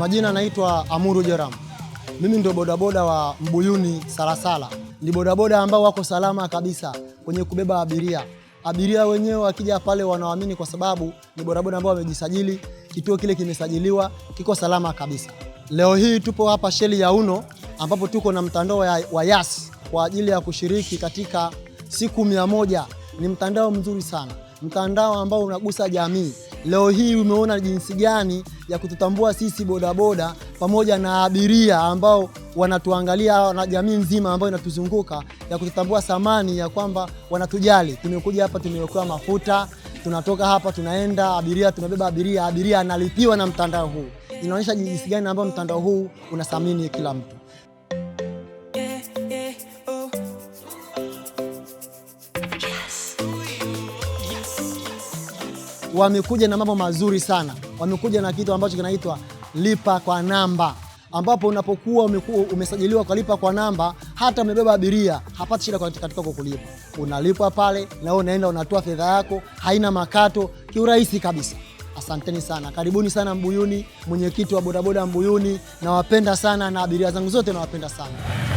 majina anaitwa Amuru Joram. Mimi ndio bodaboda wa Mbuyuni Salasala. Ni bodaboda ambao wako salama kabisa kwenye kubeba abiria. Abiria wenyewe wakija pale wanaamini kwa sababu ni bodaboda ambao wamejisajili, kituo kile kimesajiliwa, kiko salama kabisa. Leo hii tupo hapa Sheli ya Uno ambapo tuko na mtandao wa Yas kwa ajili ya kushiriki katika siku mia moja. Ni mtandao mzuri sana, mtandao ambao unagusa jamii. Leo hii umeona jinsi gani ya kututambua sisi bodaboda pamoja na abiria ambao wanatuangalia na jamii nzima ambayo inatuzunguka ya kututambua thamani ya kwamba wanatujali. Tumekuja hapa tumewekewa mafuta, tunatoka hapa tunaenda abiria, tunabeba abiria, abiria analipiwa na mtandao huu. Inaonyesha jinsi gani ambayo mtandao huu unathamini kila mtu. wamekuja na mambo mazuri sana, wamekuja na kitu ambacho kinaitwa lipa kwa namba, ambapo unapokuwa umesajiliwa kwa lipa kwa namba, hata umebeba abiria hapati shida katika kukulipa. Unalipwa pale na wewe unaenda unatoa fedha yako, haina makato, kiurahisi kabisa. Asanteni sana, karibuni sana Mbuyuni. Mwenyekiti wa bodaboda Mbuyuni nawapenda sana, na abiria zangu zote nawapenda sana.